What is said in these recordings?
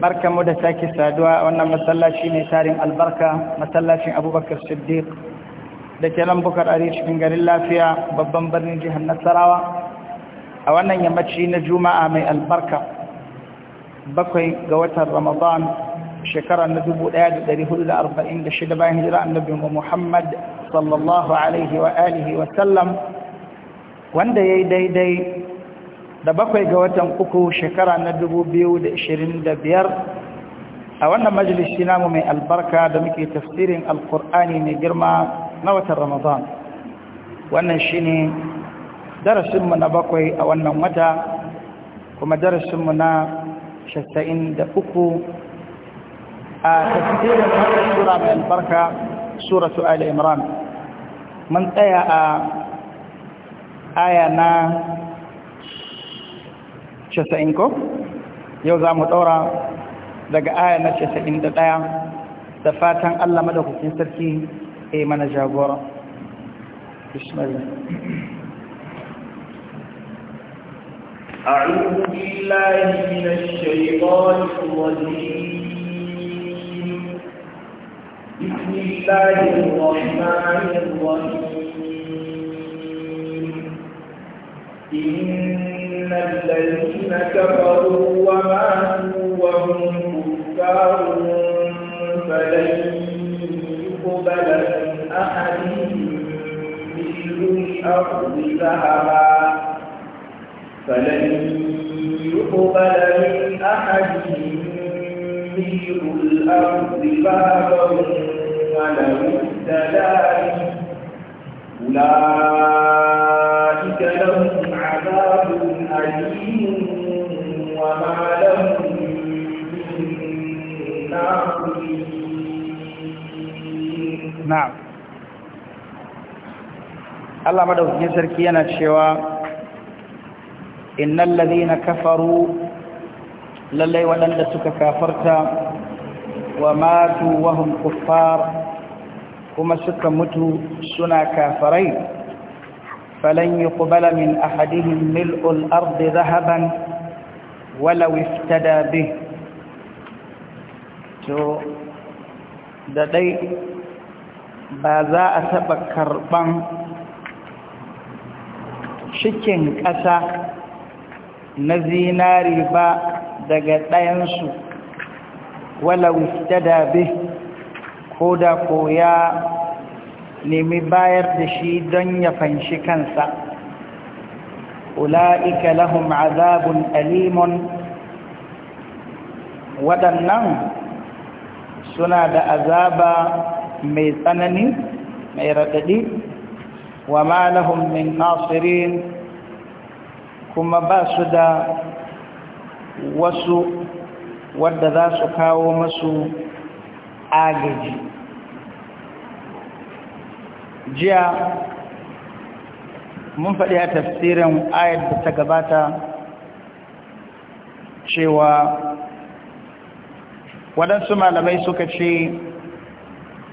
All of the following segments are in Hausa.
barka mu da sake saduwa a wannan masallaci mai tarin albarka masallacin abubakar siddiq da ke nan bukar ari cikin garin lafiya babban birnin jihar nasarawa a wannan yammaci na juma'a mai albarka bakwai ga watan ramadan shekara na shida bayan hijira annabi muhammad sallallahu alaihi wa alihi wa sallam wanda yayi daidai da bakwai ga watan uku shekara na dubu biyu da da biyar a wannan majalisi namu mai albarka da muke tafsirin alkur'ani mai girma na watan ramadan wannan shine darasinmu na bakwai a wannan wata kuma darasinmu na da uku a tafsirin wannan sura mai albarka suratu ali imran mun tsaya a aya na casa'in ko yau za mu ɗaura daga aya na casa'in da ɗaya da fatan allah madaukakin sarki a mana jagora bismillah أعوذ بالله من الشيطان الرجيم بسم الله الرحمن الرحيم إن الذين كفروا وماتوا وهم كفار فلن يقبل من أحدهم مثل الأرض ذهبا فلن يقبل أحد مثل الأرض ذهبا ولو ابتلى أولئك لهم عذاب أليم وما لهم من ناصرين نعم Allah madaukakin sarki yana cewa innal ladhina kafaru lallai waɗanda suka kafarta wa matu wahum kuffar kuma suka mutu suna kafarai فلن يقبل من أحدهم ملء الأرض ذهبا ولو افتدى به to da dai ba za a taɓa karɓan cikin ƙasa na zinari ba daga ɗayansu wala wista dabe ko da koya nemi bayar da shi don ya fanshi kansa ula'ika lahum azabun alimun waɗannan suna da azaba mai tsanani mai raɗaɗi wa ma lahum min nasirin kuma ba su da wasu wadda za su kawo masu agaji jiya mun faɗi a tafsirin ayat da ta gabata cewa waɗansu malamai suka ce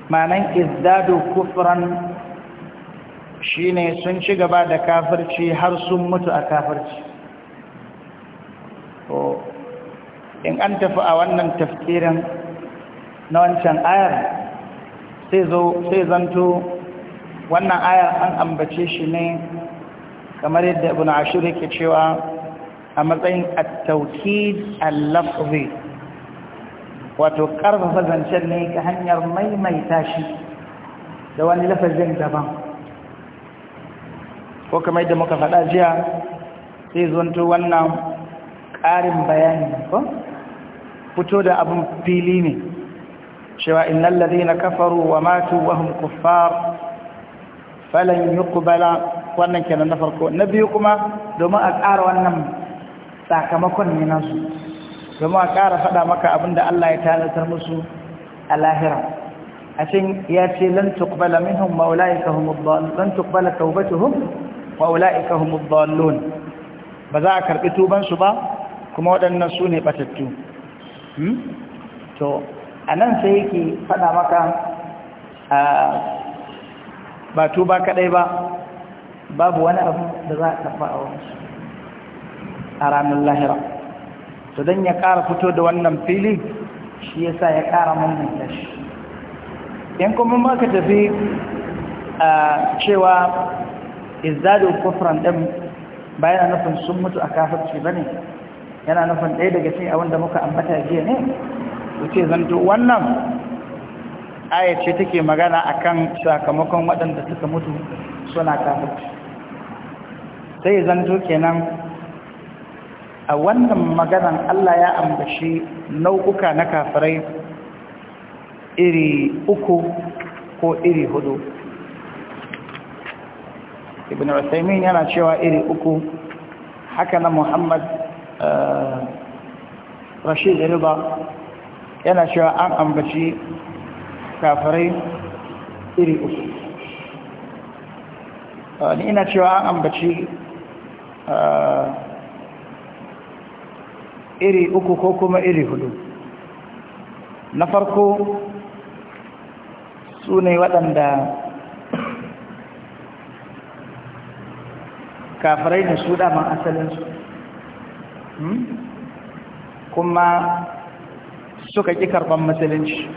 manan izdadu kufran shine sun ci gaba da kafirci har sun mutu a kafirci in an tafi a wannan tafsirin na wancan ayar sai sai zanto wannan ayar an ambace shi ne kamar yadda ibn ashur yake cewa a matsayin at-tawkid al-lafzi wato karfafa zancen ne ta hanyar maimaita shi da wani lafazin daban ko kamar yadda muka faɗa jiya sai zonto wannan ƙarin bayani ko fito da abin fili ne cewa innal ladina kafaru wa matu wa hum kuffar falan yuqbala wannan kenan na farko na biyu kuma domin a ƙara wannan sakamakon ne su domin a ƙara faɗa maka abinda Allah ya talatar musu a lahira a cikin ya ce lan tuqbala minhum wa ulaika dallun lan tuqbala tawbatuhum wa ulaika humud dallun ba za a karbi tuban su ba kuma waɗannan su ne batattu hmm? to anan sai yake faɗa maka ah, ba tuba kadai ba babu wani abu da za a tafa a wani a ranar lahira to don ya kara fito da wannan fili shi ya sa ya kara mamanta tashi yan kuma maka tafi a cewa izdadu kufran ɗin ba nufin sun mutu a kafirci ba ne yana nufin ɗaya daga cikin abin da muka ambata jiya ne wuce zanto wannan Aya ce take magana akan sakamakon waɗanda suka mutu suna kafirci sai zanto kenan a wannan maganan Allah ya ambashi nau'uka na kafirai iri uku ko iri hudu ibn Usaimin yana cewa iri uku haka na Muhammad eh, Rashid Riba yana cewa an ambaci kafirai iri uku ah, ni ina cewa an ambaci ah, iri uku ko kuma iri hudu na farko su ne waɗanda kafirai da su daman asalinsu hmm? kuma suka ƙi karɓar matsalinci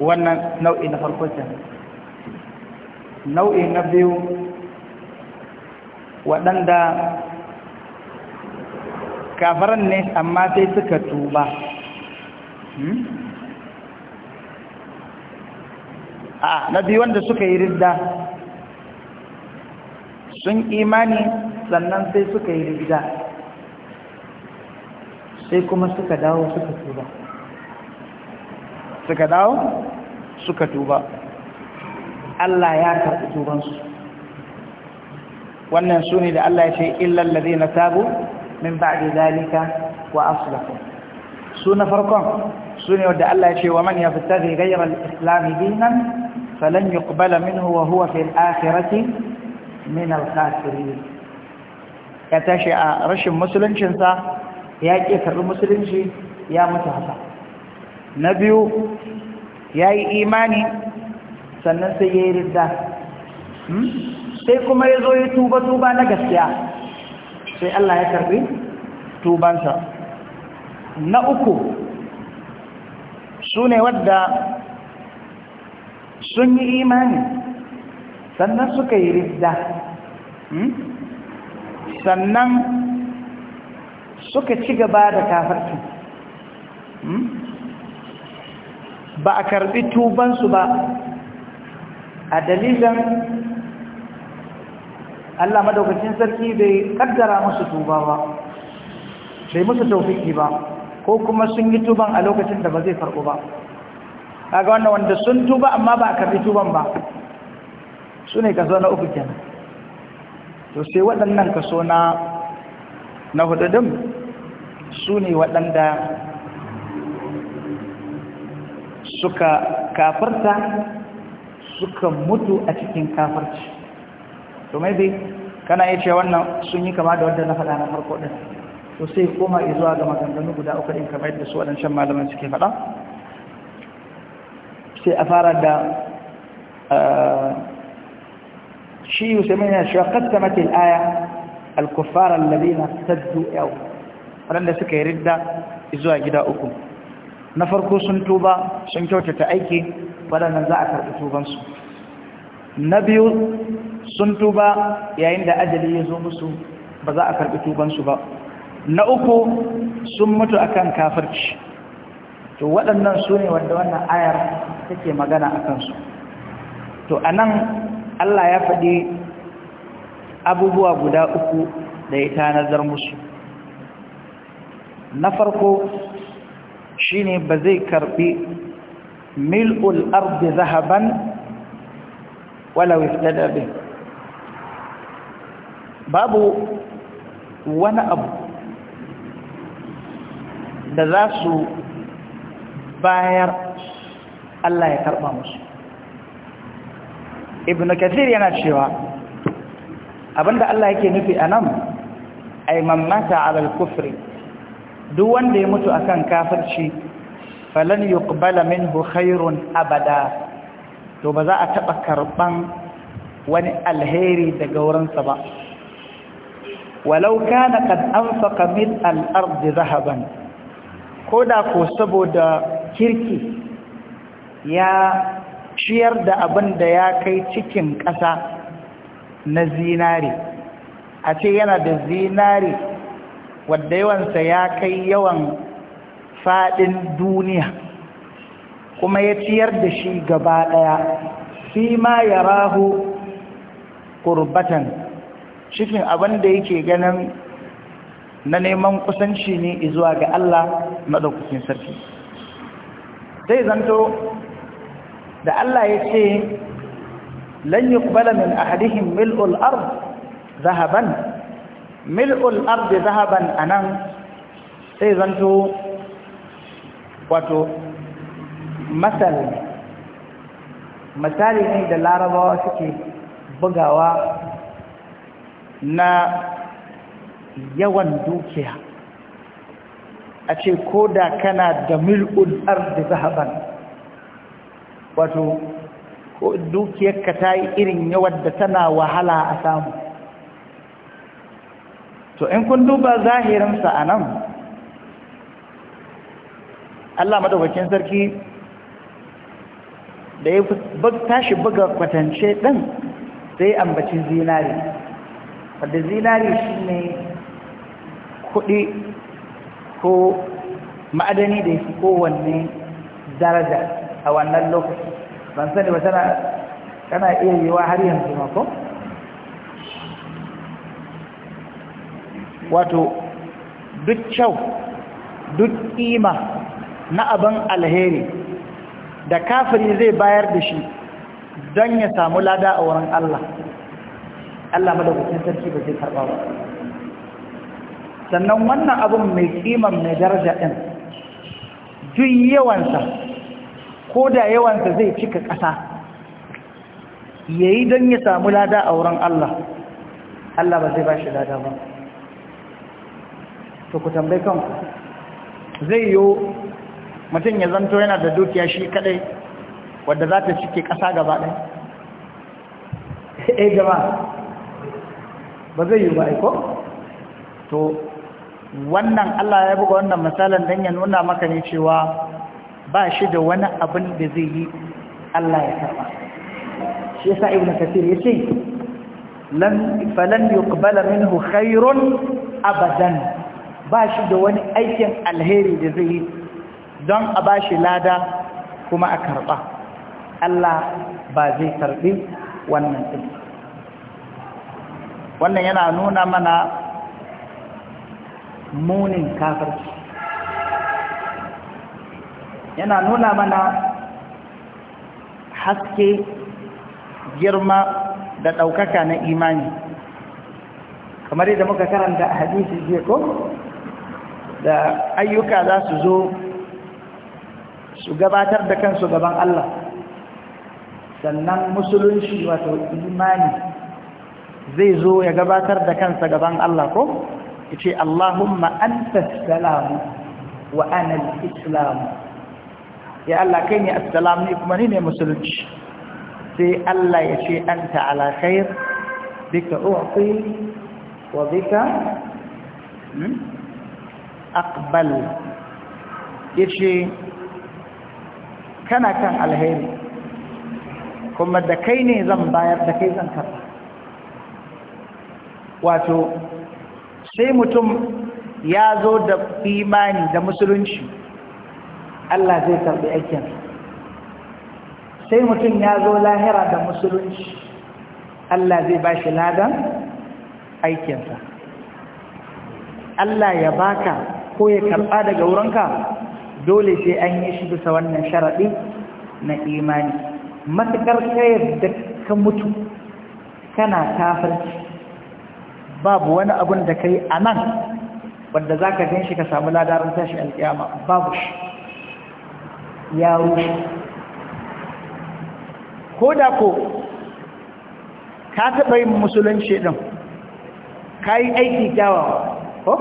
wannan nau'i na farko ce nau'i na biyu waɗanda kafaran ne amma sai suka tuba hmm? a na biyu wanda suka yi ridda sun imani sannan sai suka yi ridda sai kuma suka dawo suka tuba suka dawo suka tuba Allah ya karɓi tubansu wannan su ne da Allah ya ce illal na tabu min da zalika wa aslahu su na farkon su ne wanda Allah ya ce wa man yabtaghi ghayra al-islam dinan falan yuqbala minhu wa huwa fil akhirati min al ya tashi a rashin musuluncinsa ya ƙi karɓi musulunci ya mutu hasa na biyu ya yi imani sannan sai ya yi ridda hmm? sai kuma ya zo ya tuba-tuba na gaskiya sai Allah ya karbi tubansa na uku su ne wadda sun yi imani sannan suka yi ridda hmm? sannan suka ci gaba da kafarci hmm? ba a karɓi tubansu ba a dalilin Allah madaukakin sarki bai kaddara musu tuba ba bai musu taufiki ba ko kuma sun yi tuban a lokacin da ba zai farko ba kaga wannan wanda sun tuba amma ba a karbi tuban ba su ne kaso na uku kenan to sai waɗannan kaso na na hududun su ne waɗanda suka kafarta suka mutu a cikin kafarci to maybe kana yace wannan sun yi kama da wanda na faɗa na farko din to sai koma zuwa ga maganganu guda uku din kamar yadda su wadancan malaman suke faɗa sai a fara da shi yusamin ya shi qaddamat al-aya al-kuffar alladhina wa yaw wanda suka yi ridda zuwa gida uku na farko sun tuba sun kyautata aiki waɗannan za a karɓi tubansu na biyu sun tuba yayin da ajali ya zo musu ba za a karɓi tubansu ba na uku sun mutu akan kafirci to waɗannan su ne wanda wannan ayar take magana a kansu to a nan Allah ya faɗi abubuwa guda uku da ya tanazar musu na farko shine ba zai karbi mil'ul ardi zahaban wala wiftada bih babu wani abu da za su bayar Allah ya karba musu ibn kathir yana cewa abinda Allah yake nufi anan ay mamata ala al-kufri duk wanda ya mutu akan kafirci falan yuqbala minhu khairun abada to ba za a taba karban wani alheri daga wurinsa ba walau kana qad anfaqa min al-ard dhahaban koda ko saboda kirki ya ciyar da abin da ya kai cikin ƙasa na zinari a ce yana da zinari wadda yawansa ya kai yawan fadin duniya kuma ya ciyar da shi gaba ɗaya shi ma ya rahu kurbatan cikin abin yake ganin na neman kusanci ne zuwa ga Allah madaukakin sarki zai zanto da Allah ya ce lan yuqbala min ahadihim mil'ul ard zahaban mil'ul ardi zahaban anan sai zanto wato masal misali ne da larabawa suke bugawa na yawan dukiya a ce ko da kana da mil'ul ardi zahaban wato dukiyarka ta yi irin yawan da tana wahala a samu to in kun duba zahirinsa a nan Allah madaukakin sarki da ya tashi buga kwatance ɗin sai ambaci zinari wadda zinari shine ne kuɗi ko ma'adani da ya fi kowanne daraja a wannan lokaci ban sani ba tana iya yiwa har yanzu mako? wato duk kyau duk ƙima na abin alheri da kafiri zai bayar da shi don ya samu lada a wurin Allah Allah madaukakin sarki ba zai karɓa ba sannan wannan abin mai ƙiman mai daraja ɗin duk yawansa ko da yawansa zai cika ƙasa ya yi don ya samu lada a wurin Allah Allah ba zai ba shi lada ba to ku tambayi kanku zai yiwu mutum ya zanto yana da dukiya shi kadai wadda za ta cike ƙasa gaba ɗai eh jama'a ba zai yiwu ba aiko to wannan Allah ya buga wannan misalin don ya nuna maka ne cewa ba shi da wani abin da zai yi Allah ya karɓa shi ya yasa ibn ya ce? lan falan kubala min hukairun abadan ba shi da wani aikin alheri da zai yi don a ba shi lada kuma a karɓa Allah ba zai karɓi wannan ɗin wannan yana nuna mana munin kafarci yana nuna mana haske girma da ɗaukaka na imani kamar yadda muka karanta a hadisi jiya ko da ayyuka za su zo su gabatar da kansu gaban Allah sannan musulunci wato imani zai zo ya gabatar da kansa gaban Allah ko yace Allahumma anta salamu wa ana al-islam ya Allah kai ne assalamu ne kuma ni ne musulunci sai Allah ya ce anta ala khair bika u'ti wa bika hmm? aqbal yace kana kan alheri kuma da kai ne zan bayar da kai zan karba wato sai mutum ya zo da imani da musulunci Allah zai karbi aikin sai mutum ya zo lahira da musulunci Allah zai ba shi ladan aikinsa Allah ya baka ko ya karɓa daga wurinka dole sai an yi shi bisa wannan sharaɗi na imani matuƙar kayar da ka mutu kana tafarci babu wani abun da ka yi a nan wadda za ka ganshi ka samu ladarin tashi alƙiyama babu shi ya rushe ko da ko ka taɓa yin musulunci ɗin ka yi aiki kyawawa ko?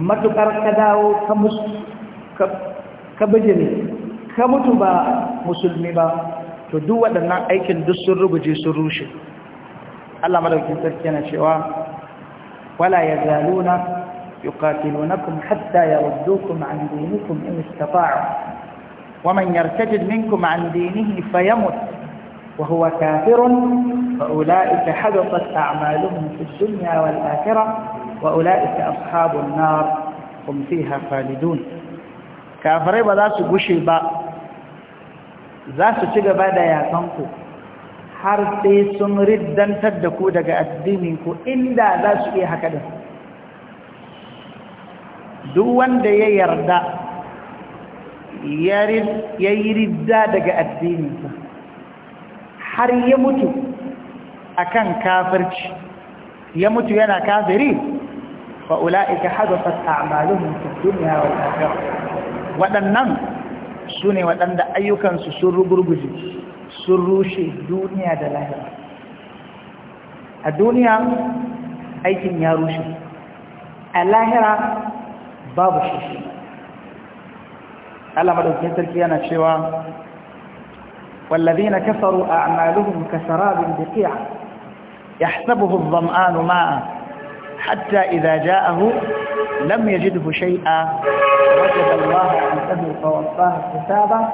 matukar ka dawo ka mus ka baje ka mutu ba musulmi ba to duk waɗannan aikin duk sun rubuje sun rushe Allah madaukin sarki yana cewa wala yazaluna yuqatilunakum hatta yaruddukum an dinikum in istata'u ومن يرتد منكم عن دينه فيمت وهو كافر فأولئك حبطت أعمالهم في الدنيا والآخرة وأولئك أصحاب النار هم فيها خالدون كافرين بذات قشي ci gaba da بدا ku. har sai sun riddantar da ku daga addininku inda za su iya haka da duk wanda ya yarda ya yi ridda daga addininsa har ya mutu akan kafirci ya mutu yana kafiri fa'ula'ika hadathat a'maluhum fi dunya wal akhirah waɗannan su ne waɗanda ayyukansu sun rugurguje sun rushe duniya da lahira a duniya aikin ya rushe a lahira babu shi Allah yana cewa والذين كفروا أعمالهم كسراب بقيع يحسبه الظمآن ماء حتى إذا جاءه لم يجده شيئا وجد الله عنده فوفاه حسابه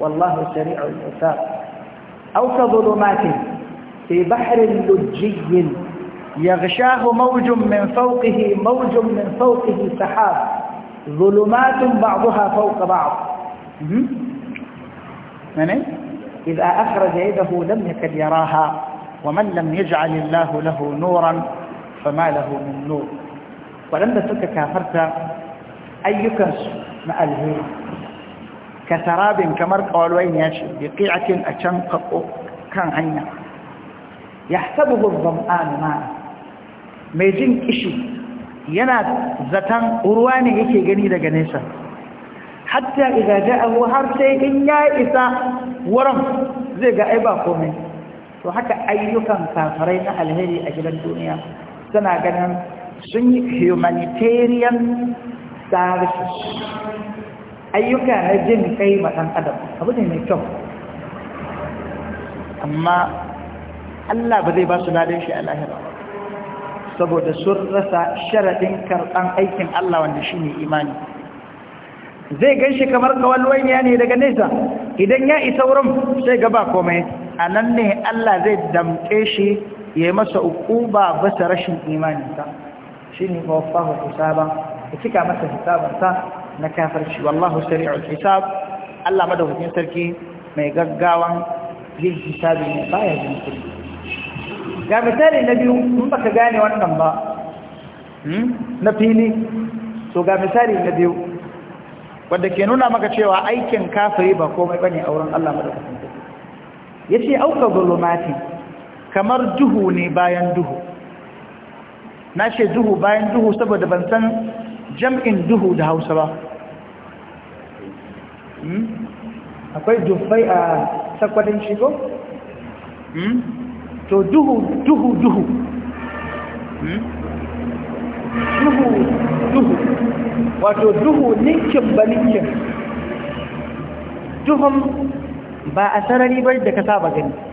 والله سريع الحساب أو كظلمات في بحر لجي يغشاه موج من فوقه موج من فوقه سحاب ظلمات بعضها فوق بعض من إذا أخرج يده لم يكد يراها ومن لم يجعل الله له نورا فما له من نور ولما سك كافرت أيك ما ألهي كسراب كمر قولوين يشي بقيعة أشنقق كان عينه يحسبه الظمآن ما ميزين إشي ينا زتان أرواني يكي جنيدة جنيسة حتى إذا جاءه هرسي إن يا إسا ورم زيقا إباقومي وحكا أيكم كافرين ألهي أجل الدنيا suna ganin sun yi humanitarian services ayyuka na jin kai matan adam abu ne mai kyau amma Allah ba zai ba su ladin shi a lahira saboda sun rasa sharaɗin karɓan aikin Allah wanda shi ne imani zai gan shi kamar kawalwanya ne daga nesa idan ya isa wurin sai gaba komai a nan ne Allah zai damƙe shi ya masa uquba bisa rashin imaninsa shine waffahu hisaba ya cika masa hisabansa na kafirci wallahu sari'ul hisab Allah madaukakin sarki mai gaggawan yin hisabi ne baya kudi ga misali na biyu in baka gane wannan ba hmm, na fili to ga misali na biyu wadda ke nuna maka cewa aikin kafiri ba komai bane auren. Allah madaukakin sarki yace auka zulumati kamar duhu ne bayan duhu na ce duhu bayan duhu saboda ban san jam'in duhu da hausa ba hmm? akwai dufai a sakwadin shigo? Hmm? to duhu duhu duhu hmm? duhu duhu wato duhu ninkin ba ninkin duhun ba a sarari bai da kasa ba gani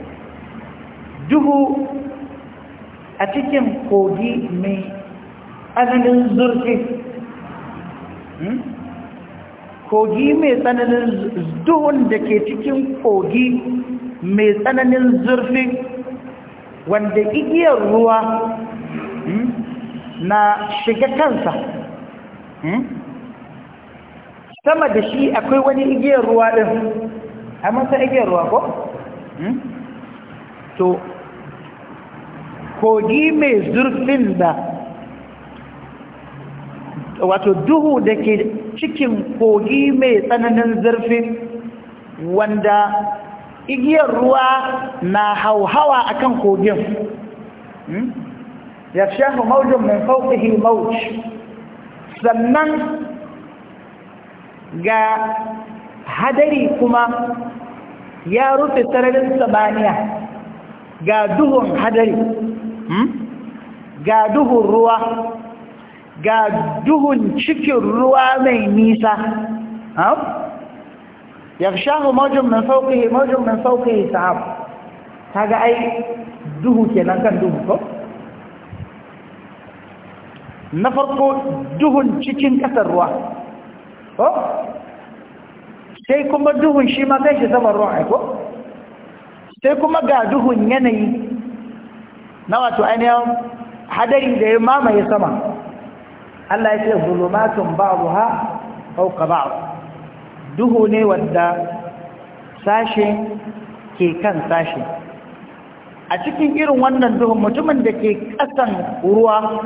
duhu a cikin kogi mai tsananin zurfi hmm? kogi mai tsananin duhun da ke cikin kogi mai tsananin zurfi wanda igiyar ruwa hmm, na shiga kansa hmm? sama da shi akwai wani igiyar ruwa ɗin a masa igiyar ruwa ko? to kogi mai zurfin da wato duhu da ke cikin kogi mai tsananin zurfi wanda igiyar ruwa na hauhawa a kan kogin ya shafi maujin mai fauƙihi sannan ga hadari kuma ya rufe sararin samaniya ga duhun hadari Hmm? ga duhun ruwa ga duhun cikin ruwa mai nisa yarshahu mawjin min fawqihi mawjin min fawqihi ta ga ai duhu ke nan kan duhu ko na farko duhun cikin ƙasar ruwa ko sai kuma duhun shi ma kai shi saman ruwa ai ko sai kuma ga duhun yanayi na wato ainihin hadari da ya mamaye sama Allah ya ce zulumatun ba'dha fawqa ba'd duhu ne wanda sashe ke kan sashe a cikin irin wannan duhun mutumin da ke kasan ruwa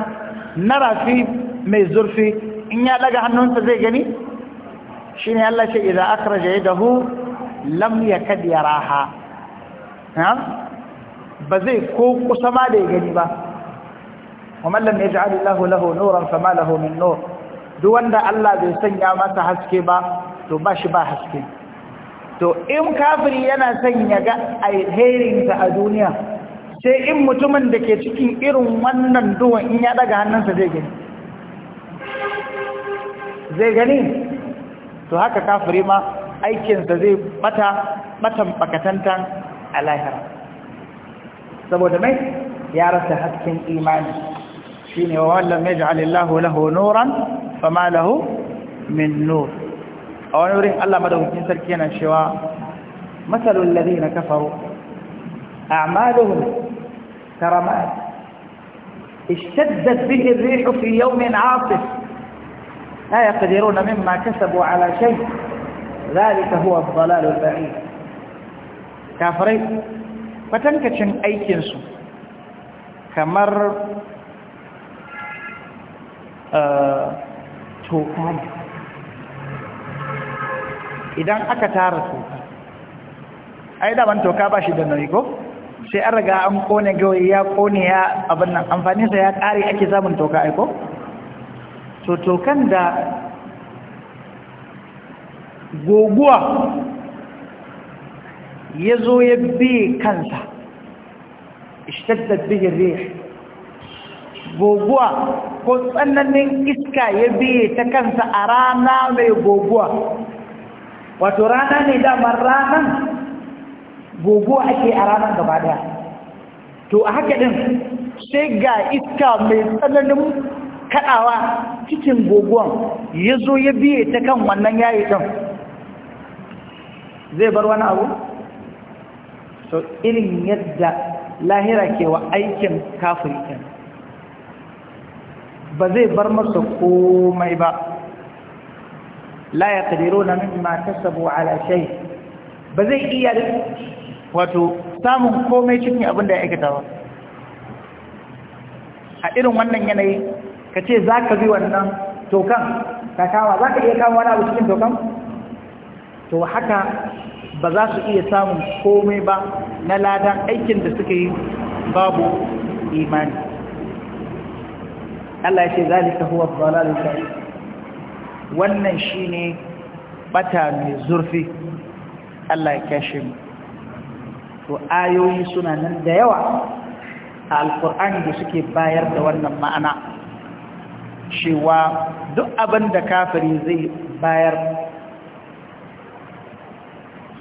na rafi mai zurfi in ya daga hannunsa zai gani shine Allah ce idza akhraja dahu lam yakad yaraha ha ba zai ko kusa ma da ya gani ba ومن لم يجعل lahu nuran نورا فما له من duk wanda Allah bai sanya masa haske ba to ba shi ba haske to in kafiri yana son ya ga ta a duniya sai in mutumin da ke cikin irin wannan duwan in ya daga hannunsa zai gani zai gani to haka kafiri ma aikinsa zai bata matan bakatantan a lahira saboda mai ya rasa hasken imani shine wa wallam yaj'al Allahu lahu nuran fama lahu min nur a wani wurin Allah madaukakin sarki yana cewa masalul ladina kafaru a'maluhum karamat اشتدت به الريح في يوم عاصف لا يقدرون مما كسبوا على شيء ذلك هو الضلال البعيد كافرين kwatankacin aikinsu kamar eh, toka idan aka tara toka ai daban toka ba shi da nauyi ko sai an riga an kone gawai ya kone ya abin nan amfaninsa ya ƙare ake samun toka aiko to tokan da goguwa ya zo ya bi kansa ishtaddat bihi rih goguwa ko tsananin iska ya biye ta kansa a rana mai goguwa wato rana ne damar ranan goguwa ake a ranar gaba daya to a haka din sai ga iska mai tsananin kaɗawa cikin goguwan ya zo ya biye ta kan wannan yayi din zai bar wani abu so irin yadda lahira ke wa aikin kafirken ba zai bar masa komai ba la ya kadiro na mimma kasabu ala shay ba zai iya wato samun komai cikin abin da ya aikata ba a irin wannan yanayi ka ce za ka bi wannan tokan ka kawa za ka iya kawo wani abu cikin tokan to haka ba za su iya samun komai ba na ladan aikin da suka yi babu imani Allah ya ce zalika huwa dhalalul ba'id wannan shine bata mai zurfi Allah ya kashe mu to ayoyi suna nan da yawa a alkur'ani da suke bayar da wannan ma'ana cewa duk abin da kafiri zai bayar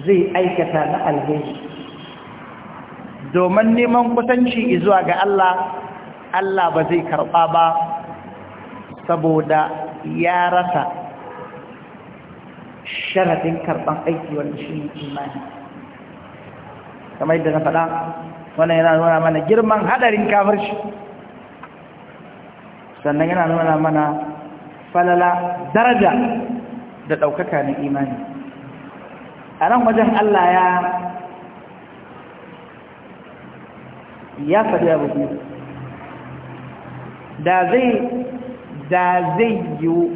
zai aikata na alheri domin neman kusanci zuwa ga Allah Allah ba zai karɓa ba saboda ya rasa sharadin karɓar aiki wanda shi imani kamar yadda na faɗa wannan yana nuna mana girman haɗarin kafirci sannan yana nuna mana falala daraja da ɗaukaka na imani a nan wajen Allah ya ya faɗi abu biyu da zai da zai yiwu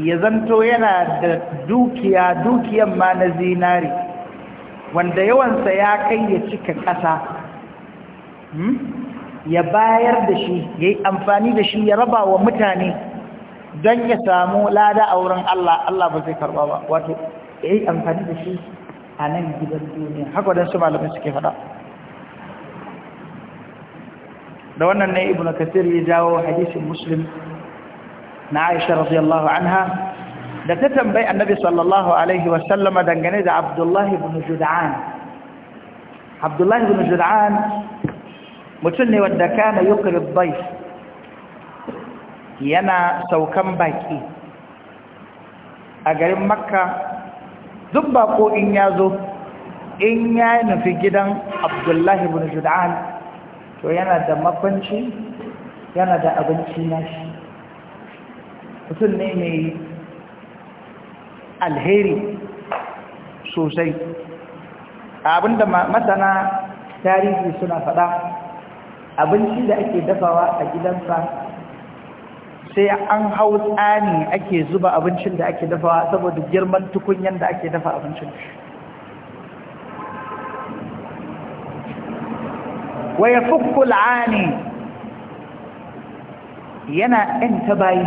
ya zanto yana da dukiya dukiyan ma na zinari wanda yawansa ya kai ya cika ƙasa hmm? ya bayar da shi ya yi amfani da shi ya raba wa mutane don ya samu lada a wurin Allah Allah ba zai karɓa ba wato ya yi amfani da shi a nan gidan duniya haka waɗansu malamai suke faɗa da wannan ne ibn kasir ya jawo hadisin muslim na aisha radiyallahu anha da ta tambayi annabi sallallahu alaihi wasallama dangane da abdullahi ibn jud'an abdullahi ibn jud'an mutum ne wanda kana yukrib bayf yana saukan baki a garin makka duk ko in ya zo in ya nufi gidan abdullahi bin juda'an to yana da makwanci yana da abinci nashi mutum ne mai alheri sosai abinda masana tarihi suna faɗa abinci da ake dafawa a gidansa sai an hau tsani ake zuba abincin da ake dafa saboda girman tukunyan da ake dafa abincin wa ya ani yana ɗan ta bayi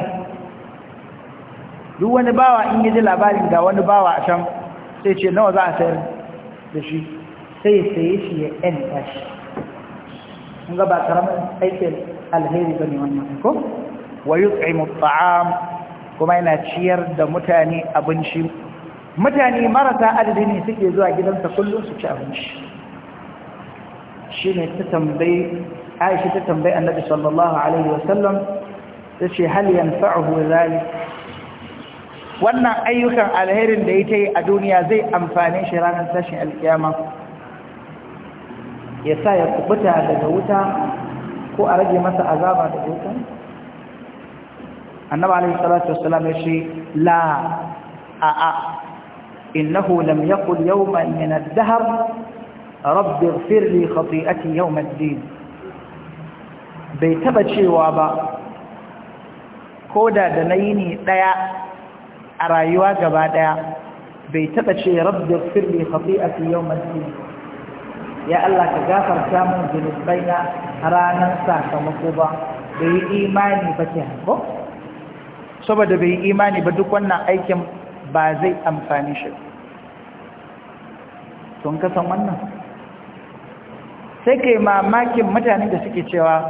duk wani bawa in yi ji labarin ga wani bawa a can sai ce nawa za a sayar da shi sai ya shi ya ɗan ga ba karamin aikin alheri ba ne wannan ko? wa yut'imu at'am kuma yana ciyar da mutane abinci mutane marasa adadi ne suke zuwa gidansa kullum su ci abinci ta tambayi Aisha ta tambayi Annabi sallallahu alaihi wasallam tace hal yanfa'uhu zalik wannan ayyukan alherin da yake yi a duniya zai amfani shi ranar tashin alkiyama ya sa ya kubuta daga wuta ko a rage masa azaba daga wuta النبي عليه الصلاة والسلام يشي لا أأ إنه لم يقل يوما من الدهر رب اغفر لي خطيئتي يوم الدين بيتبت شيء وابا كودا دنيني ديا أرايوا جبا ديا بيتبت شيء رب اغفر لي خطيئتي يوم الدين يا الله كغافر كامل جنوب بينا رانا ساكا مقوبا بي إيماني بكيها بو saboda bai yi imani ba duk wannan aikin ba zai amfani shi tun kasan wannan sai kai mamakin mutane da suke cewa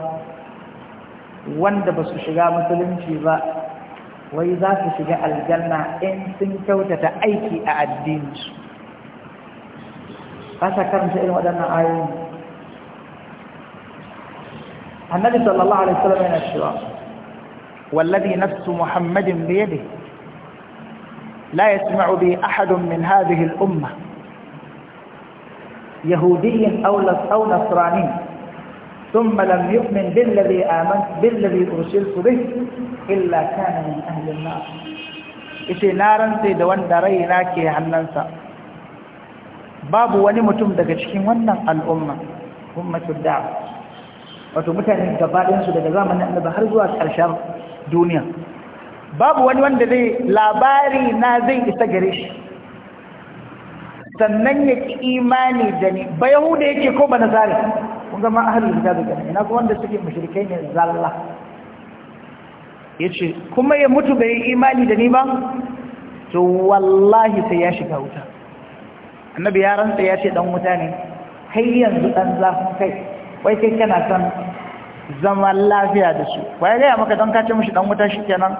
wanda ba su shiga musulunci ba wai za su shiga aljanna in sun kyautata aiki a addininsu Ka sa karanta irin waɗannan ayoyi annabi sallallahu alaihi wasallam yana cewa والذي نفس محمد بيده لا يسمع بي أحد من هذه الأمة يهودي أو نصراني ثم لم يؤمن بالذي آمن بالذي أرسلت به إلا كان من أهل النار إتي نارا سيد واندرينا كي هننسى باب ونمتم دقشكين ونن الأمة أمة الدعوة wato mutane gabaɗinsu daga zamanin annabi har zuwa ƙarshen duniya babu wani wanda zai labari na zai isa gare shi sannan ya ki imani da ni ba yahuda yake ko ba nazari kun zama ahalin kitabu gane ina kuma wanda suke mushrikai ne zalla yace kuma ya mutu bai imani da ni ba to wallahi sai ya shiga wuta annabi ya rantsa ya ce dan wuta ne kai yanzu dan zafin kai wai kai kana san zaman lafiya da su wai ya gaya maka don kace mushi dan wuta shi kenan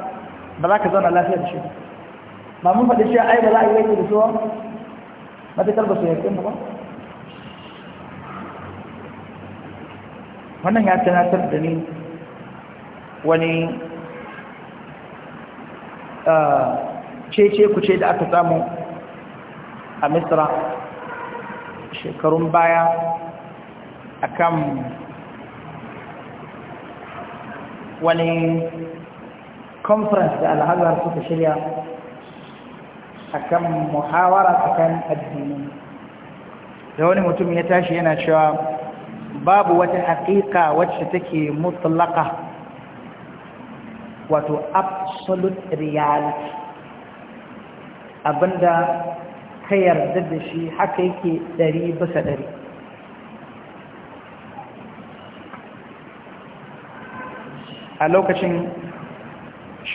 ba za ka zauna lafiya da shi ba mun faɗi shi ai ba za a yi yake da suwa matakar ba su yarda ba wannan ya tunatar da ni wani ah, cece kuce da aka samu a misra shekarun baya akan wani conference da alhazar suka shirya akan muhawara tsakanin addini da wani mutum ya tashi yana cewa babu wata haƙiƙa wacce take mutlaka wato absolute reality abinda ka yarda da shi haka yake ɗari bisa ɗari a lokacin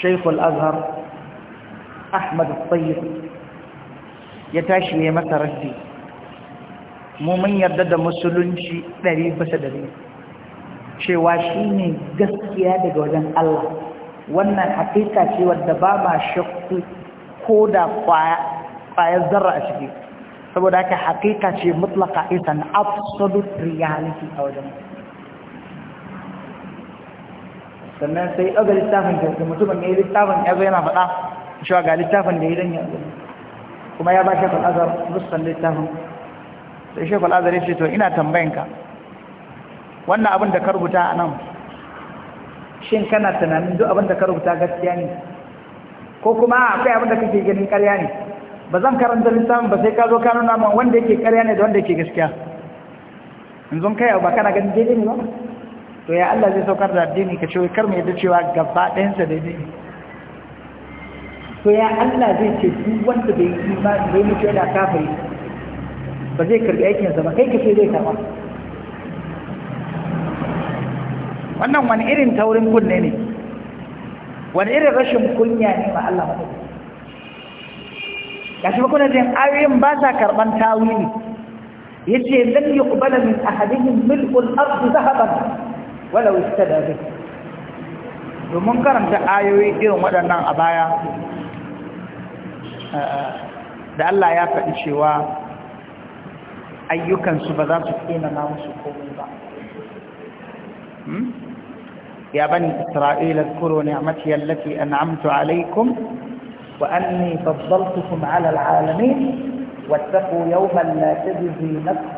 shaikul azhar ahmad tsayir ya tashi ne masa mu mun yarda da musulunci ɗari da ɗari cewa shi ne gaskiya daga wajen Allah wannan hakika ce wadda ba ma shakku ko da kwayar zarra a ciki saboda haka hakika ce mutlaka is an absolute reality a wajen sannan sai ɗaga littafin da mutumin ya yi littafin ya zo yana faɗa cewa ga littafin da ya danya kuma ya ba shekul azar russan littafin sai shekul azar ya ce to ina tambayanka wannan abin da ka rubuta a nan shin kana tunanin duk abin da ka rubuta gaskiya ne ko kuma akwai abin da kake ganin karya ne ba zan karanta littafin ba sai ka zo ka nuna wanda yake karya ne da wanda yake gaskiya yanzu kai ba kana ganin daidai ne ba to ya Allah zai saukar da addini ka cewa kar mai da cewa gaba ɗayansa da ne to ya Allah zai ce duk wanda bai yi imani bai mutu yana kafiri ba zai karɓi aikinsa ba kai ka ce zai ba? wannan wani irin taurin kunne ne wani irin rashin kunya ne ma Allah maɗauki ya ba kuna jin ayoyin ba sa karɓan tawili yace lan yuqbala min ahadihim mil'ul ardi zahaban walau istada bi domin karanta ayoyi irin waɗannan a baya da Allah ya faɗi cewa ayyukansu ba za su tsina na musu komai ba ya يا بني إسرائيل اذكروا نعمتي التي أنعمت عليكم وأني فضلتكم على العالمين واتقوا يوما لا تجزي نفس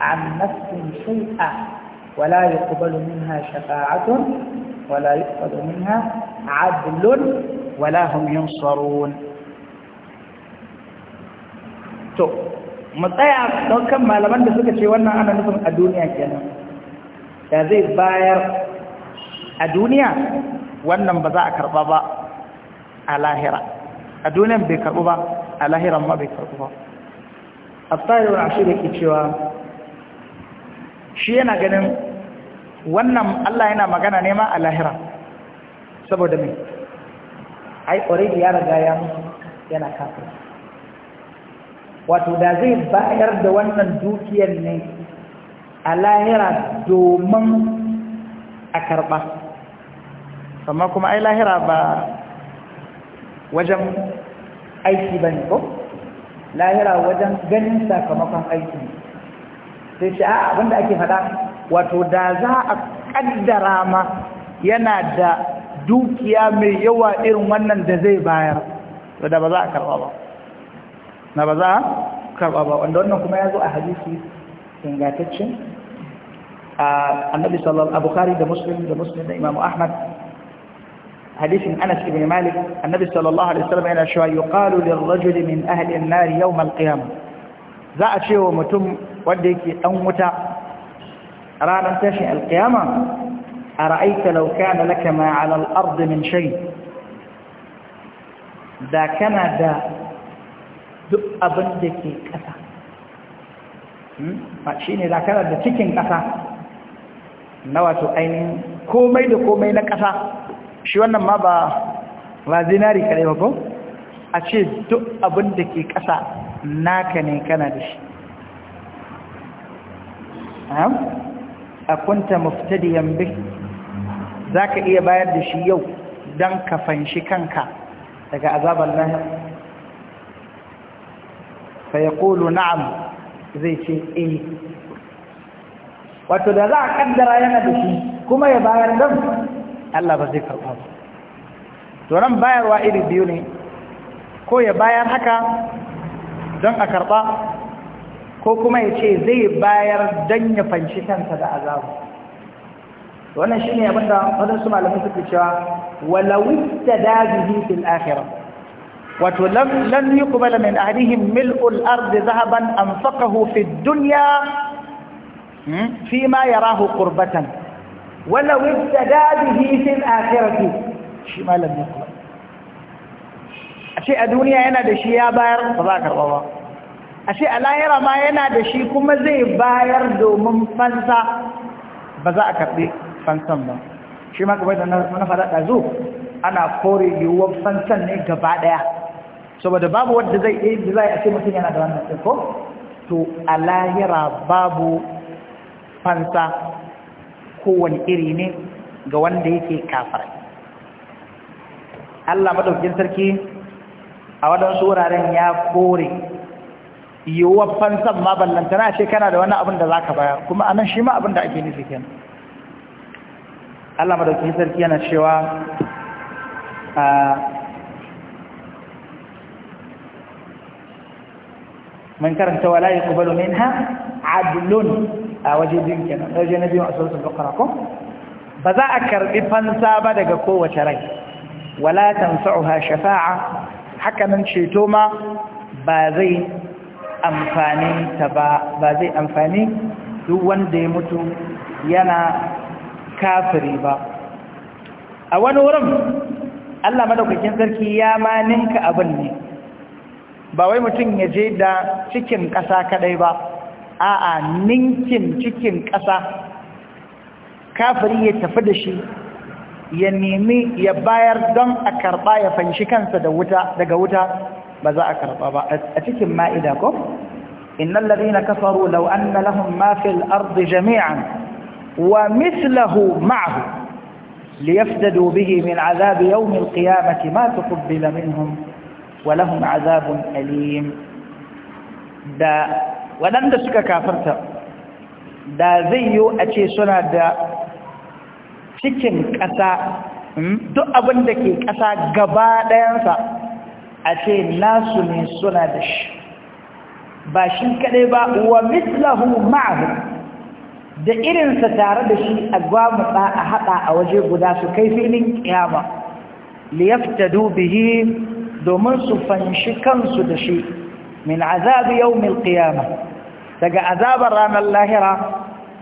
عن نفس شيئا ولا يقبل منها شفاعة ولا يقبل منها عدل ولا هم ينصرون to mu tsaya don kan malaman da suka ce wannan ana nufin a duniya kenan da zai bayar a duniya wannan ba za a karba ba a lahira a duniyan bai karbu ba a lahiran ma bai karbu ba a tsarin ashe da ke cewa shi yana ganin wannan Allah yana magana ne ma a lahira saboda mai ai already ya riga ya yana kafin wato da zai bayar da wannan dukiyar ne a lahira domin a karɓa amma kuma ai lahira ba wajen aiki ba ne ko lahira wajen ganin sakamakon aiki sai shi a abinda ake faɗa wato da za a kaddara ma yana da dukiya mai yawa irin wannan da zai bayar da ba za a karba ba na ba za a karba ba wanda wannan kuma ya zo a hadisi ingataccen annabi sallallahu abukari da muslim da muslim da imamu ahmad hadisin anas ibn malik annabi sallallahu alaihi wasallam yana cewa yuqalu lirrajuli min ahli an-nar yawm al-qiyamah za a ce wa mutum wanda yake dan wuta ranar tashin alkiyama a ra'aita lauka na laka ma'alar arzimin shai da kana da duk abin da ke ƙasa shi da kana da cikin ƙasa na wato ainihin komai da komai na ƙasa shi wannan ma ba zinari kare ba ko a ce duk abin da ke ƙasa naka ne kana da shi akunta muftadiyan bi zaka iya bayar da shi yau dan ka fanshi kanka daga azabar lahir fa yaqulu na'am zai ce eh wato da za a kaddara yana da shi kuma ya bayar dan Allah ba zai karɓa ba to nan bayarwa iri biyu ne ko ya bayar haka don a karɓa ko kuma ya ce zai bayar don ya fanci kansa da azabu wannan shi ne abinda waɗansu malamin suke cewa walawin da dabihi fil akhira wato lan yi kuma min ahadihim mil'ul arzi zahaban an faƙahu fi duniya fi ma ya rahu ƙurbatan walawin da fil akhira shi malamin ya kuma a ce a duniya yana da shi ya bayar ba za a karɓa ba ashe a lahira ma yana da shi kuma zai bayar domin fansa ba za a karɓi fansan ba shi ma kamar da na faɗa ɗazu ana kore yiwuwar fansan ne gaba ɗaya saboda babu wadda zai yi da zai a ce mutum yana da wannan ko to a lahira babu fansa kowane iri ne ga wanda yake kafar? Allah maɗaukin sarki a waɗansu wuraren ya kore yiwuwar fansan ma ballantana ce kana da wani abin da za ka baya kuma a nan shi ma abin da ake nufi kenan Allah madauki sarki yana cewa karanta من كرهت ولا يقبل منها a waje biyun kenan waje na biyu a sautin bakara ko ba za a karbi fansa ba daga kowace rai wala tanfa'uha shafa'a nan ceto ma ba zai amfani ta ba ba zai amfani duk wanda ya mutu yana kafiri ba a wani wurin Allah madaukakin sarki ya ma ninka abin ne ba wai mutum ya je da cikin ƙasa kaɗai ba a'a ninkin cikin ƙasa kafiri ya tafi da shi ya nemi ya bayar don a karɓa ya fanshi kansa daga wuta ba za a karba ba a cikin ma'ida ko innal ladina kafaru law anna lahum ma fil ardi jami'an wa mithluhu ma'ahu liyaftadu bihi min azab yawm al qiyamati ma tuqbila minhum wa lahum azabun alim da wadanda suka kafarta da zai yi a ce suna da cikin ƙasa duk abin da ke ƙasa gaba ɗayansa a ce nasu ne suna da shi ba shi kaɗai ba wa mislahu ma'ahu da irinsa tare da shi a gwamutsa a haɗa a waje guda su kai filin ƙiyama Liyafta dubihi domin su fanshi kansu da shi min azabi yawmil qiyama daga azabar ranar lahira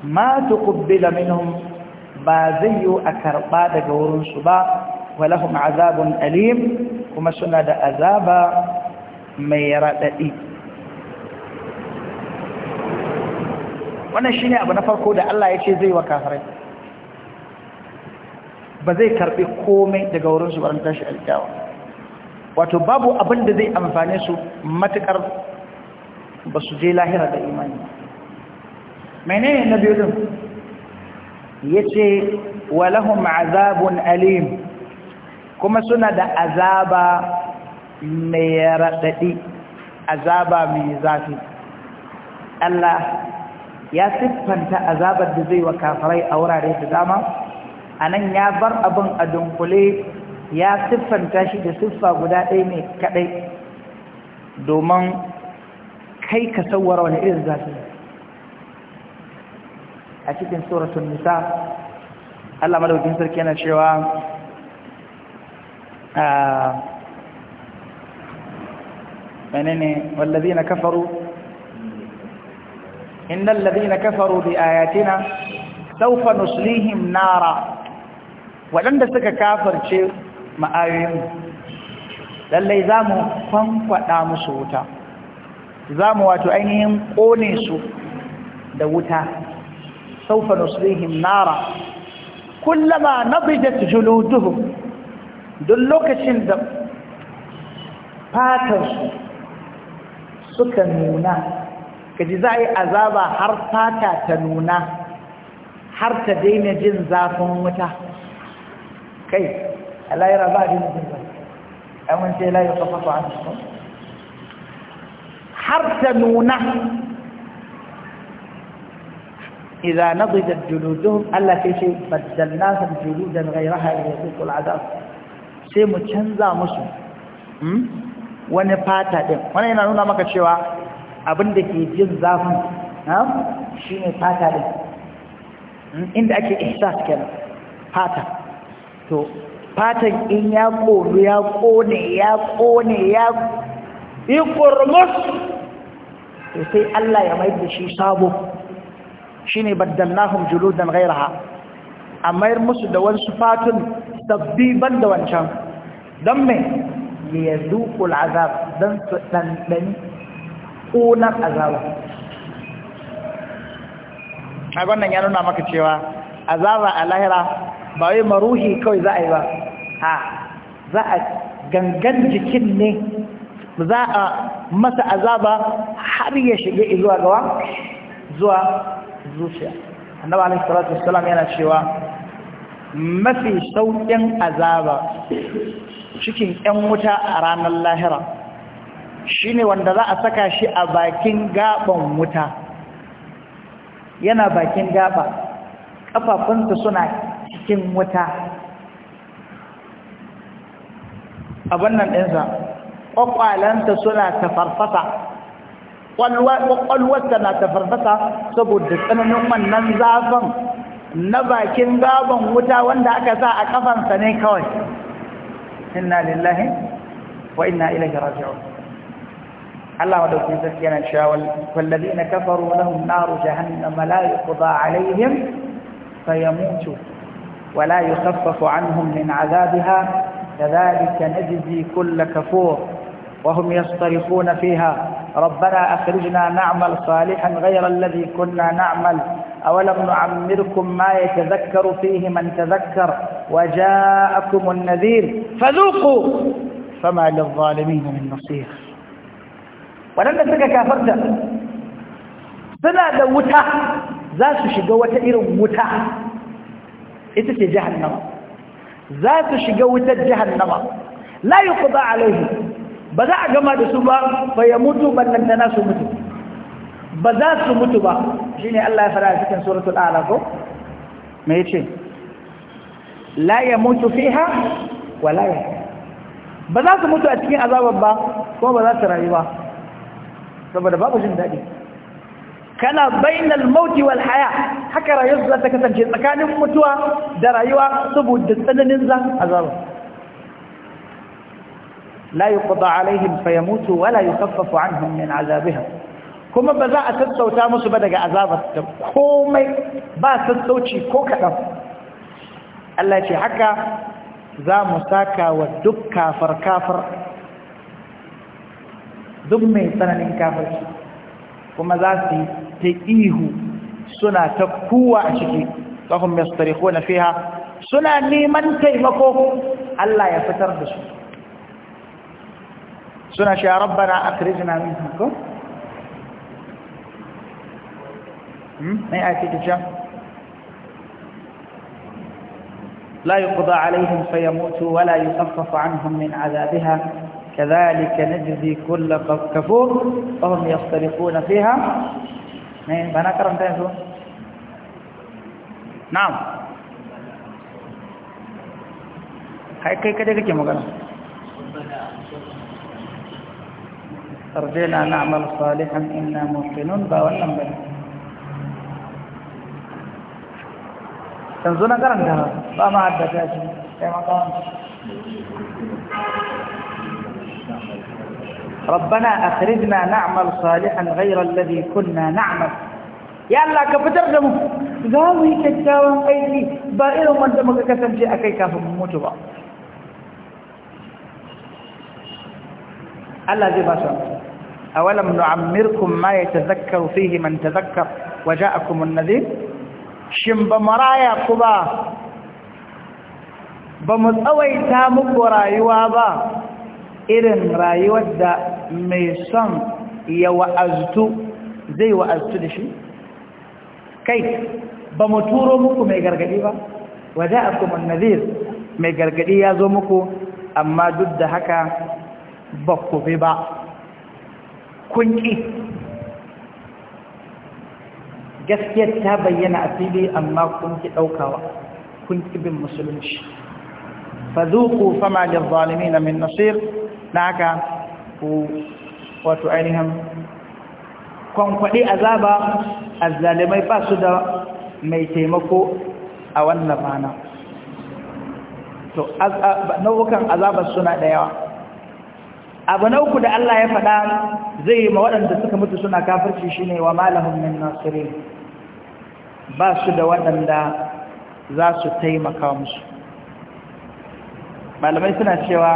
ma tuqbila minhum ba zai yi a karɓa daga wurinsu ba lahum azabun alim kuma suna da azaba mai raɗaɗi wannan shi ne abu na farko da Allah ya ce zai wa kafirai ba zai karɓi komai daga wurin su barin tashi alkyawa wato babu abin da zai amfane su matuƙar ba su je lahira da imani menene na biyu ɗin ya ce walahun azabun alim kuma suna da azaba mai raɗaɗi azaba mai zafi Allah ya siffanta azabar da zai wa kafarai a wurare da dama a nan ya bar abin a dunkule ya siffanta shi da siffa guda ɗaya mai kaɗai domin kai ka sauwara wani irin zafi a cikin tsoratun nisa Allah madaukin sarki yana cewa menene wallazina kafaru innal ladina kafaru bi ayatina sawfa nuslihim nara wadanda suka kafirce ma'ayoyin lallai zamu fanfada musu wuta zamu wato ainihin kone su da wuta sawfa nuslihim nara kullama nabidat juluduhum duk lokacin da fatarsu suka nuna kaji za a yi azaba har fata ta nuna har ta daina jin zafin wuta kai alayira ba daina jin zafin yawan ce layi kafafa an su har ta nuna إذا نضجت جلودهم ألا في شيء بدلناهم جلودا غيرها ليذوقوا العذاب sai mu canza musu hmm, wani fata ɗin wani yana nuna maka cewa abin da ke jin zafin shi ne fata ɗin hmm, inda ake ihsas kenan fata to fatan in ya ƙonu ya ƙone ya ƙone ya yi ƙormus to sai Allah ya mai da shi sabo shi ne baddannahun juludan gairaha a mayar musu da wasu fatun sabbi ban da wancan don mai ya zuƙul azab don su ɗanɗani ƙunar azaba a wannan ya nuna maka cewa azaba a lahira ba wai maruhi kawai za a yi ba a za a gangan jikin ne za a masa azaba har ya shige zuwa gawa zuwa zuciya annabi alaihi salatu wassalam yana cewa mafi sauƙin azaba cikin ‘yan wuta a ranar lahira shi ne wanda za a saka shi a bakin gaban wuta yana bakin gaba ƙafafunsa suna cikin wuta abin nan ɗinsa ƙwaƙwalanta suna tafarfasa ƙwaƙwalwarsa na tafarfasa saboda tsananin wannan zafin na bakin gaban wuta wanda aka sa a ƙafansa ne kawai إنا لله وإنا إليه راجعون الله ولو في سكينا شاول والذين كفروا لهم نار جهنم لا يقضى عليهم فيموتوا ولا يخفف عنهم من عذابها كذلك نجزي كل كفور وهم يصطرخون فيها ربنا أخرجنا نعمل صالحا غير الذي كنا نعمل أولم نعمركم ما يتذكر فيه من تذكر وجاءكم النذير فذوقوا فما للظالمين من نصير ولن نترك كافرتا سنة دوتا ذات شقوة إير موتا إتت جهنم ذات شقوة جهنم لا يقضى عليه بذع جمال سبا فيموتوا من لن ناسوا متوا ba za su mutu ba shine Allah ya fara a cikin suratul ala ko me yace la ya mutu fiha wa la ba za su mutu a cikin azabar ba Kuma ba za su rayu ba saboda babu jin daɗi kana bainal mauti wal haya haka rayuwar za ta kasance tsakanin mutuwa da rayuwa saboda tsananin zan azaba la yuqda alaihim fayamutu wala yukaffafu anhum min azabiha kuma ba za a sassauta musu ba daga azabar da komai ba sassauci ko kaɗan Allah ce haka za mu saka wa duk kafar-kafar duk mai tsananin kafarci kuma za su ta ihu suna ta kuwa a ciki tsakon mai su na fiha suna neman taimako Allah ya fitar da su suna shi a a kirjina min hankali ما آية الجمع لا يقضى عليهم فيموتوا ولا يخفف عنهم من عذابها كذلك نجزي كل كفور وهم يختلفون فيها من بنا كرم تنسوا نعم هاي كي كده كي مغانا ربنا نعمل صالحا إنا موقنون باولا بنا تنزونا كرن كرن با عدد ربنا أخرجنا نعمل صالحا غير الذي كنا نعمل يا الله كفتر دمو غاوي كتاوا ايدي بائر من دمك كتم شيء اكي كاف موتوا الله زي باشا أولم نعمركم ما يتذكر فيه من تذكر وجاءكم النذير shin ba maraya ku ba ba mu tsawaita muku rayuwa ba irin rayuwar da mai son ya wa'azutu zai wa'azutu da shi kai ba mu turo muku mai gargadi ba waje a kuma nazir mai gargadi ya zo muku amma duk da haka ba ku fi ba kun gaskiyar ta bayyana a fili amma kun ki ɗaukawa kun ki bin musulunci fazuku fama da zalimi na min nasir na haka ku wato ainihin kwankwaɗe azaba a zalimai ba su da mai taimako a wannan rana to nau'ukan azabar suna da yawa abu na uku da Allah ya faɗa zai yi ma waɗanda suka mutu suna kafirci shine wa malahum min nasirin ba su da waɗanda za su taimaka musu malamai suna cewa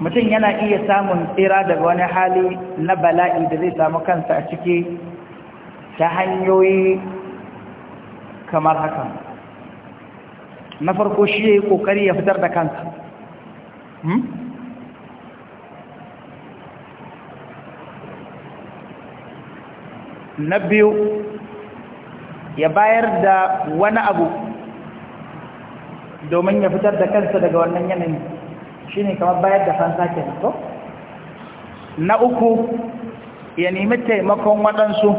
mutum yana iya samun tsira daga wani hali na bala'i da zai samu kansa a ciki ta hanyoyi kamar haka na farko shi ya yi ƙoƙari ya fitar da kansa hmm? na biyu ya bayar da wani abu domin ya fitar da kansa daga wannan yanayi shi ne kamar bayar da fansa ke to? na uku ya nemi taimakon waɗansu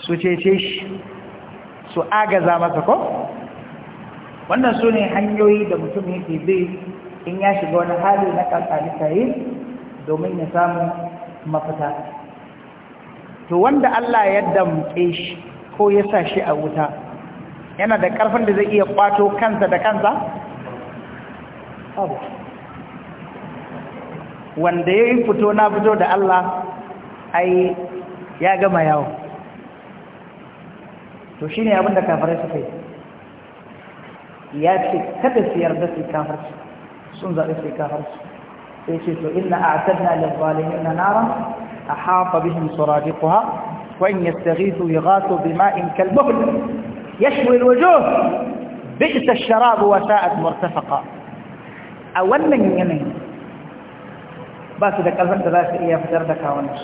su cece shi su agaza masa ko? wannan su ne hanyoyi da mutum yake bi in ya shiga wani hali na kankanikayi domin ya samu mafita to wanda Allah ya damƙe shi ko ya sa shi a wuta yana da ƙarfin da zai iya kwato kansa da kansa? wanda ya yi fito na fito da Allah ai ya gama yawo to shi ne abinda kafar suka yi ya ce kada su yarda su kafarci sun zaɓi su su sai ce to ina a tattalin lalbalin yana nara a hafa bihin kuwa. وإن يستغيثوا يغاثوا بماء كالبهل يشوي الوجوه بئس الشراب وساءت مرتفقا أولا من ينين بس دك ألفنت بس إيا فتر دك هونش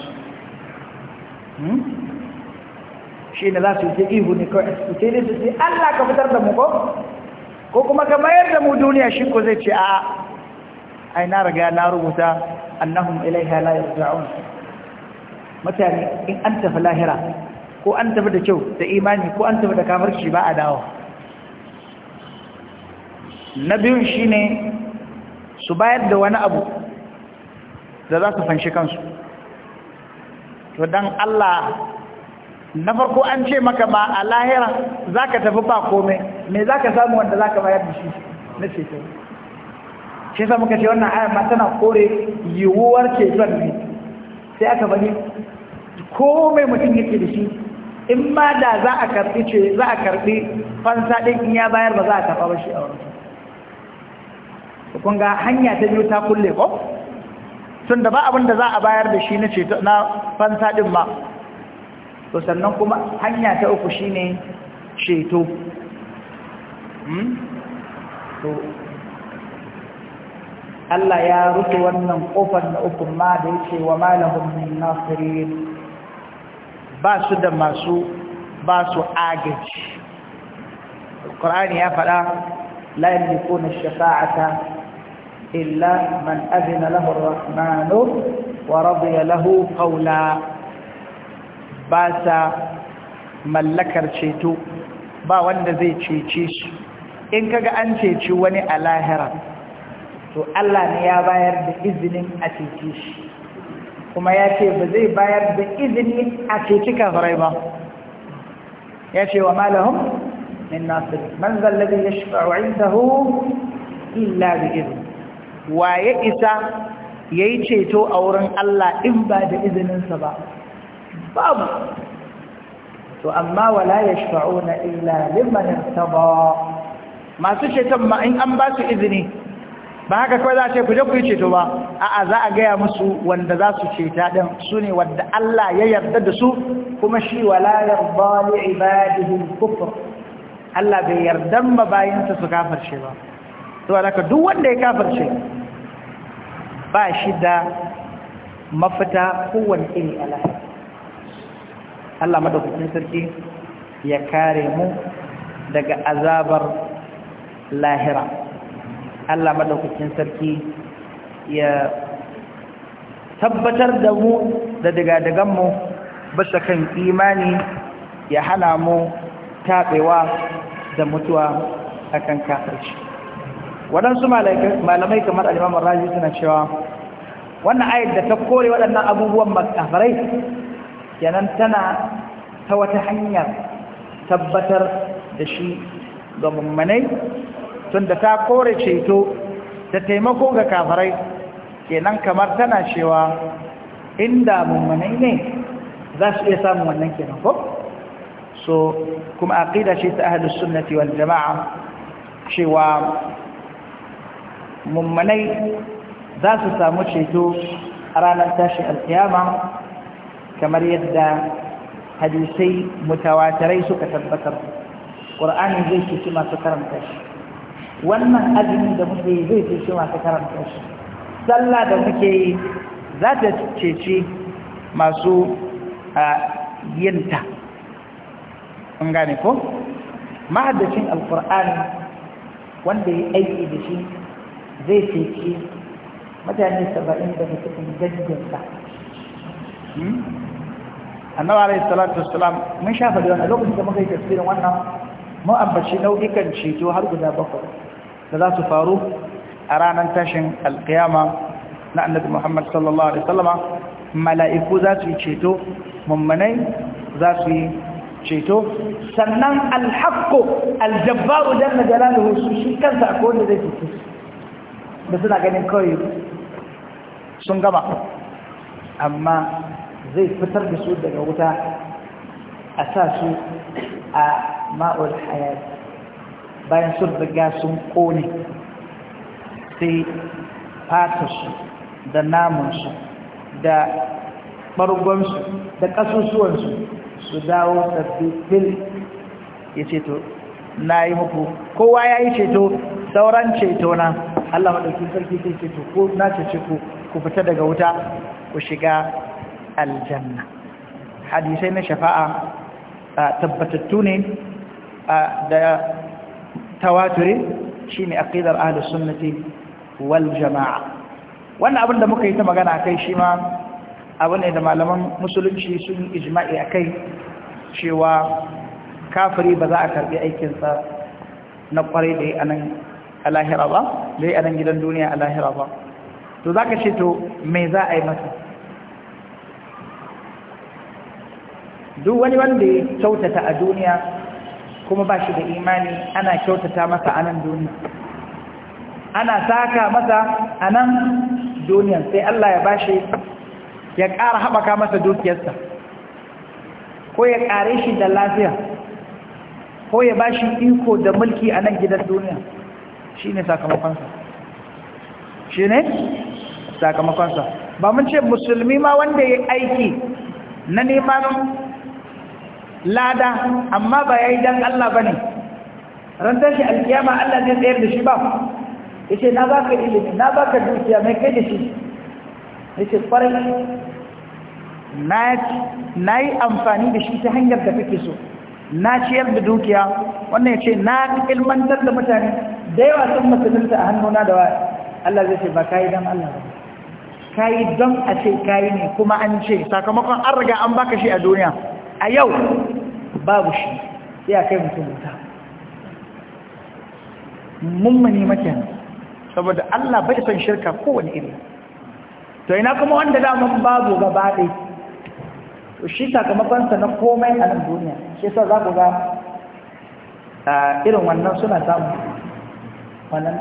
شيء لا تجيه نكو أسكتيني بسي ألا كفتر دمكو كوكما كما يردم دوني أشيكو زيتي آآ آه. أي نار قال نار وتا أنهم إليها لا يرجعون mutane in an tafi lahira ko an tafi da kyau da imani ko an tafi da shi ba a dawo na biyun shi ne su bayar da wani abu da za su fanshi kansu to don Allah na farko an ce maka ba a lahira za ka tafi ba kome me za ka samu wanda za ka bayar da shi na ceto shi sa muka ce wannan ayyar ma tana kore yiwuwar ceton ne sai aka bane ko mai mutum yake da shi in ma da za a karɓi ce za a karɓi fansa ɗin in ya bayar ba za a karɓa ba shi a wurin kun ga hanya ta biyu ta kulle ko sun da ba abin da za a bayar da shi na ceto na fansa ɗin ma to sannan kuma hanya ta uku ne ceto hmm? Allah ya rufe wannan kofar na ukun ma da yake wa malahum min nasirin ba su da masu ba su agaji alkur'ani ya faɗa la na shafa'ata illa man azina lahu rahmanu wa radiya lahu qawla ba sa mallakar ceto ba wanda zai cece shi in kaga an ceci wani a lahira to Allah ne ya bayar da izinin a cece shi kuma ya ce ba zai bayar da izini a ceci kafirai ba ya ce wa malahum min nasir man zallabi ya shafa'u indahu illa da izini wa ya isa ya yi ceto a wurin Allah in ba da izininsa ba babu to amma wala ya shafa'u na illa limanin taba masu ceton ma in an ba su izini ba haka kawai za a ce ku je ku yi ceto ba a'a za a gaya musu wanda za su ceta din su ne wadda Allah ya yarda da su kuma shi walayar yarda li kufur Allah bai yarda ma bayinsa su kafirce ba to alaka duk wanda ya kafirce ba shi da mafita kowanne iri Allah Allah madaukakin sarki ya kare mu daga azabar lahira Allah madaukakin sarki ya tabbatar da mu da daga mu bisa kan imani ya hana mu taɓewa da mutuwa akan kafirci waɗansu malamai kamar alimamun raji suna cewa wannan ayat da ta kore waɗannan abubuwan makafarai kenan tana ta wata hanyar tabbatar da shi ga mummanai tunda ta kore ceto da taimako ga kafarai kenan kamar tana cewa inda mummunai ne za su iya samun wannan kenan ko so kuma aqida ce ta ahlus sunnati wal jama'a cewa mummunai za su samu ceto a ranar tashin alkiyama kamar yadda hadisai mutawatirai suka tabbatar ƙur'ani zai ceci masu karanta shi wannan azumi da muke yi zai cece masu karanta shi sallah da muke yi za ta ceci masu yinta an gane ko mahaddacin alkur'ani wanda ya aiki da shi zai ceci mutane saba'in da daga cikin gajinsa hmm? annabi alayhi salatu wassalam mun shafa da wannan lokacin da muka yi tafsirin wannan mu ambaci nau'ikan ceto har guda bakwai da za su faru a ranar tashin alkiyama na annabi Muhammad sallallahu alaihi wasallama mala'iku za su yi ceto mummanai za su yi ceto sannan alhaqqu aljabbaru jalla jalaluhu su shi kansa akwai wanda zai fito da suna ganin kawai sun gama amma zai fitar da su daga wuta a sa su a ma'ul hayati bayan sun riga sun kone sai fatarsu da namunsu da ɓargonsu da ƙasusuwansu su dawo da fil ya ceto na yi muku kowa ya yi ceto sauran ceto na Allah maɗauki sarki sai ceto ko na ce ku ku fita daga wuta ku shiga aljanna hadisai na shafa'a tabbatattu ne da tawaturin shine aqidar ahli sunnati wal jamaa wannan abin da muka yi ta magana kai shi ma abu ne da malaman musulunci sun yi ijma'i kai cewa kafiri ba za a karbi aikinsa na kwarai da anan a lahira ba da anan gidan duniya a ba to zaka ce to me za a yi masa duk wani wanda ya kyautata a duniya kuma ba shi da imani ana kyautata masa a nan duniya ana saka masa a nan duniya sai Allah ya bashi ya ƙara haɓaka masa dukiyarsa ko ya ƙare shi da lafiya ko ya bashi iko da mulki a nan gidan duniya shi ne sakamakonsa shi ne sakamakonsa ba mun ce musulmi ma wanda ya aiki na neman lada amma ba yayi dan Allah bane ran shi alkiyama Allah zai tsayar da shi ba yace na yi ilimi na ka dukiya mai kai da shi yace farai na nayi amfani da shi ta hanyar da kake so na ciyar da dukiya wannan yace na ilmantar da mutane da yawa sun musulunta a hannuna da waya Allah zai ce ba kai dan Allah ba kai don a ce kai ne kuma an ce sakamakon an riga an baka shi a duniya a yau babu shi sai kai mutum wuta mummuni makiyan saboda Allah bai son shirka kowane iri to ina kuma wanda daman babu gaba ɗai to shi sakamakonsa na komai a nan duniya shi sa za ku ga irin wannan suna samu wannan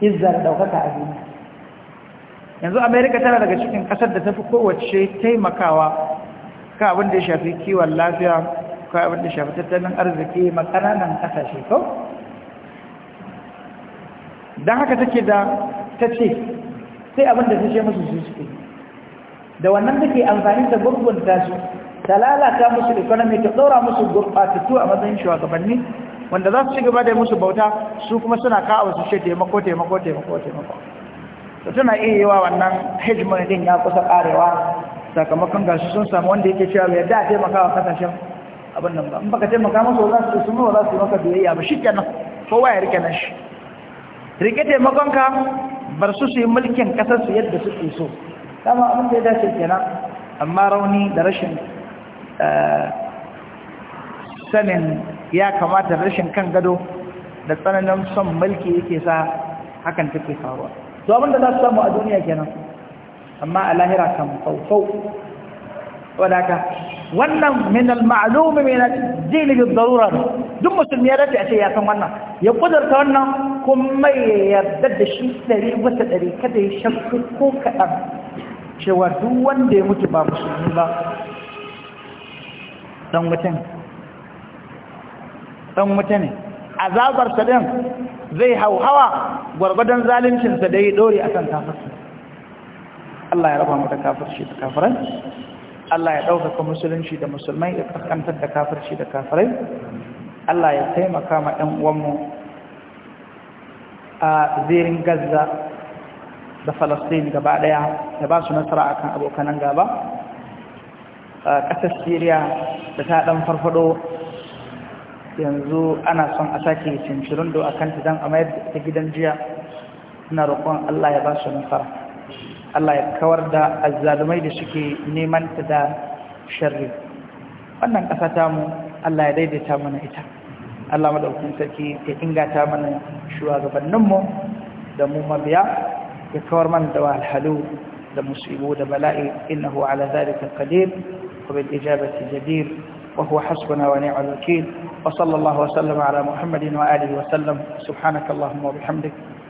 izzar ɗaukaka a duniya yanzu amerika tana daga cikin ƙasar da ta fi kowace taimakawa ka abin da ya shafi kiwon lafiya ka abin da ya shafi tattalin arziki makananan kasashe ko don haka take da ta ce sai abin da ta ce musu su suke da wannan take amfani da gurgunta su ta lalata musu economy ta tsora musu gurɓatattu a matsayin shugabanni wanda za su ci gaba da musu bauta su kuma suna kawo su ce taimako taimako taimako taimako da tana iya yi wa wannan hejimoni din ya kusa ƙarewa sakamakon gashi sun samu wanda yake cewa bai da taimaka wa kasashen abin nan ba in baka taimaka musu za su sun za su maka biyayya ba shikenan kowa ya rike nan shi rike taimakon ka bar su su yi mulkin kasar su yadda suke so dama abin da ya dace kenan amma rauni da rashin eh, sanin ya kamata rashin kan gado da tsananin son mulki yake sa hakan take faruwa to abin da za su samu a duniya kenan amma a lahira kan faufau wadaka wannan min al-ma'lum min al zarurar. duk musulmi ya dace a ce ya san wannan ya kudurta wannan kuma ya yarda da shi dari wata ɗari kada ya shafi ko kaɗan cewa duk wanda ya mutu ba musulmi ba dan mutum dan mutum ne azabar sa din zai hauhawa gwargwadon zaluncinsa da ya ɗori dore akan kafarsa Allah ya raba mu da kafirci da kafirai Allah ya ɗaukaka musulunci da musulmai da kaskantar da kafirci da kafirai Allah ya taimaka ma ɗan uwanmu a zirin Gaza da Falastin gaba ɗaya da ba su nasara akan abokanan gaba ƙasar Syria da ta ɗan farfado yanzu ana son a sake cincirin do a kanta don a mayar da gidan jiya na roƙon Allah ya ba su nasara الله يكور دا الزالمي دي شكي نيمان تدا شري وانن أفتامو الله يدي دي تامنا إتا الله مدعو كنسكي تينغا تامنا شوى غفر نمو دا موما بيا يكور من دوا الحلو دا مصيبو دا بلائي إنه على ذلك القدير وبالإجابة جدير وهو حسبنا ونعم الوكيل وصلى الله وسلم على محمد وآله وسلم سبحانك اللهم وبحمدك